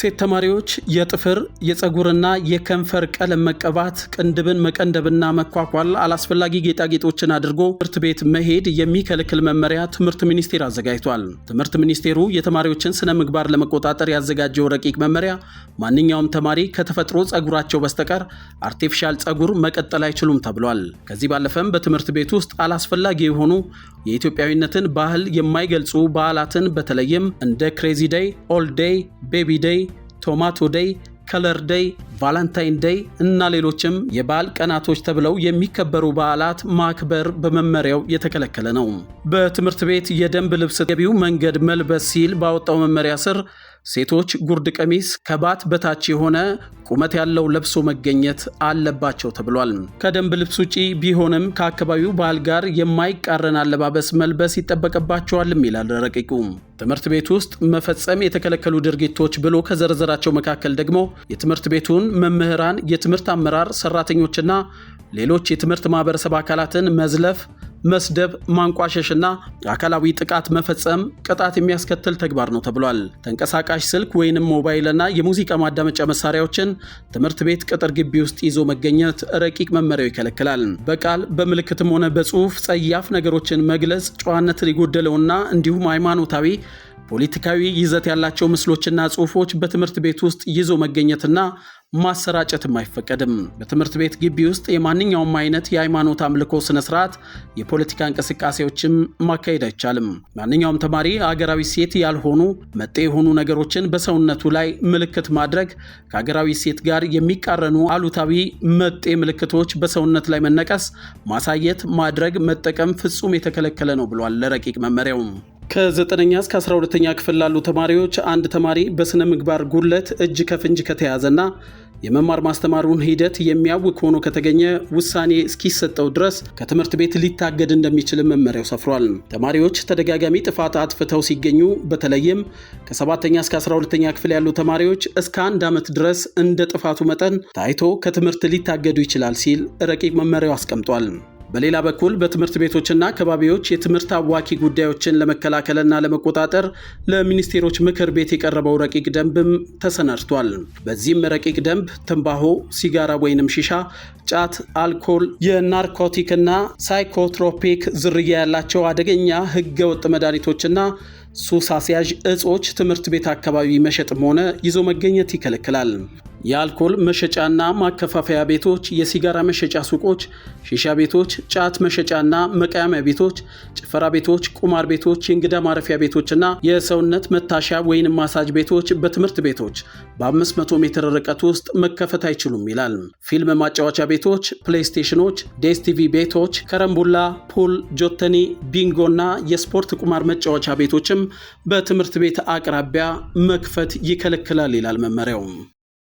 ሴት ተማሪዎች የጥፍር የፀጉርና የከንፈር ቀለም መቀባት፣ ቅንድብን መቀንደብና መኳኳል፣ አላስፈላጊ ጌጣጌጦችን አድርጎ ትምህርት ቤት መሄድ የሚከለክል መመሪያ ትምህርት ሚኒስቴር አዘጋጅቷል። ትምህርት ሚኒስቴሩ የተማሪዎችን ስነ ምግባር ለመቆጣጠር ያዘጋጀው ረቂቅ መመሪያ ማንኛውም ተማሪ ከተፈጥሮ ፀጉራቸው በስተቀር አርቲፊሻል ፀጉር መቀጠል አይችሉም ተብሏል። ከዚህ ባለፈም በትምህርት ቤት ውስጥ አላስፈላጊ የሆኑ የኢትዮጵያዊነትን ባህል የማይገልጹ በዓላትን በተለይም እንደ ክሬዚ ደይ፣ ኦልድ ደይ፣ ቤቢ ደይ ቶማቶ ደይ፣ ከለር ደይ፣ ቫለንታይን ደይ እና ሌሎችም የበዓል ቀናቶች ተብለው የሚከበሩ በዓላት ማክበር በመመሪያው የተከለከለ ነው። በትምህርት ቤት የደንብ ልብስ ገቢው መንገድ መልበስ ሲል ባወጣው መመሪያ ስር ሴቶች ጉርድ ቀሚስ ከባት በታች የሆነ ቁመት ያለው ለብሶ መገኘት አለባቸው ተብሏል። ከደንብ ልብስ ውጪ ቢሆንም ከአካባቢው ባህል ጋር የማይቃረን አለባበስ መልበስ ይጠበቅባቸዋልም ይላል ረቂቁ። ትምህርት ቤት ውስጥ መፈጸም የተከለከሉ ድርጊቶች ብሎ ከዘረዘራቸው መካከል ደግሞ የትምህርት ቤቱን መምህራን፣ የትምህርት አመራር ሰራተኞችና ሌሎች የትምህርት ማህበረሰብ አካላትን መዝለፍ መስደብ፣ ማንቋሸሽና አካላዊ ጥቃት መፈጸም ቅጣት የሚያስከትል ተግባር ነው ተብሏል። ተንቀሳቃሽ ስልክ ወይንም ሞባይልና የሙዚቃ ማዳመጫ መሳሪያዎችን ትምህርት ቤት ቅጥር ግቢ ውስጥ ይዞ መገኘት ረቂቅ መመሪያው ይከለክላል። በቃል በምልክትም ሆነ በጽሁፍ ጸያፍ ነገሮችን መግለጽ ጨዋነትን የጎደለውና እንዲሁም ሃይማኖታዊ ፖለቲካዊ ይዘት ያላቸው ምስሎችና ጽሑፎች በትምህርት ቤት ውስጥ ይዞ መገኘትና ማሰራጨትም አይፈቀድም። በትምህርት ቤት ግቢ ውስጥ የማንኛውም አይነት የሃይማኖት አምልኮ ስነ ስርዓት፣ የፖለቲካ እንቅስቃሴዎችም ማካሄድ አይቻልም። ማንኛውም ተማሪ አገራዊ ሴት ያልሆኑ መጤ የሆኑ ነገሮችን በሰውነቱ ላይ ምልክት ማድረግ፣ ከአገራዊ ሴት ጋር የሚቃረኑ አሉታዊ መጤ ምልክቶች በሰውነት ላይ መነቀስ፣ ማሳየት፣ ማድረግ፣ መጠቀም ፍጹም የተከለከለ ነው ብሏል ለረቂቅ መመሪያው። ከዘጠነኛ እስከ 12ተኛ ክፍል ላሉ ተማሪዎች አንድ ተማሪ በስነ ምግባር ጉድለት እጅ ከፍንጅ ከተያዘና የመማር ማስተማሩን ሂደት የሚያውክ ሆኖ ከተገኘ ውሳኔ እስኪሰጠው ድረስ ከትምህርት ቤት ሊታገድ እንደሚችል መመሪያው ሰፍሯል። ተማሪዎች ተደጋጋሚ ጥፋት አጥፍተው ሲገኙ በተለይም ከሰባተኛ እስከ 12ተኛ ክፍል ያሉ ተማሪዎች እስከ አንድ ዓመት ድረስ እንደ ጥፋቱ መጠን ታይቶ ከትምህርት ሊታገዱ ይችላል ሲል ረቂቅ መመሪያው አስቀምጧል። በሌላ በኩል በትምህርት ቤቶችና አካባቢዎች የትምህርት አዋኪ ጉዳዮችን ለመከላከልና ለመቆጣጠር ለሚኒስቴሮች ምክር ቤት የቀረበው ረቂቅ ደንብም ተሰናድቷል። በዚህም ረቂቅ ደንብ ትንባሆ፣ ሲጋራ ወይንም ሺሻ፣ ጫት፣ አልኮል፣ የናርኮቲክና ሳይኮትሮፒክ ዝርያ ያላቸው አደገኛ ህገወጥ መድኃኒቶችና ሱስ አስያዥ እጾች ትምህርት ቤት አካባቢ መሸጥም ሆነ ይዞ መገኘት ይከለክላል። የአልኮል መሸጫና ማከፋፈያ ቤቶች፣ የሲጋራ መሸጫ ሱቆች፣ ሺሻ ቤቶች፣ ጫት መሸጫና መቃያሚያ ቤቶች፣ ጭፈራ ቤቶች፣ ቁማር ቤቶች፣ የእንግዳ ማረፊያ ቤቶችና የሰውነት መታሻ ወይንም ማሳጅ ቤቶች በትምህርት ቤቶች በ500 ሜትር ርቀት ውስጥ መከፈት አይችሉም ይላል። ፊልም ማጫወቻ ቤቶች፣ ፕሌይስቴሽኖች፣ ዴስቲቪ ቤቶች፣ ከረምቡላ፣ ፑል፣ ጆተኒ፣ ቢንጎና የስፖርት ቁማር መጫወቻ ቤቶችም በትምህርት ቤት አቅራቢያ መክፈት ይከለክላል ይላል መመሪያው።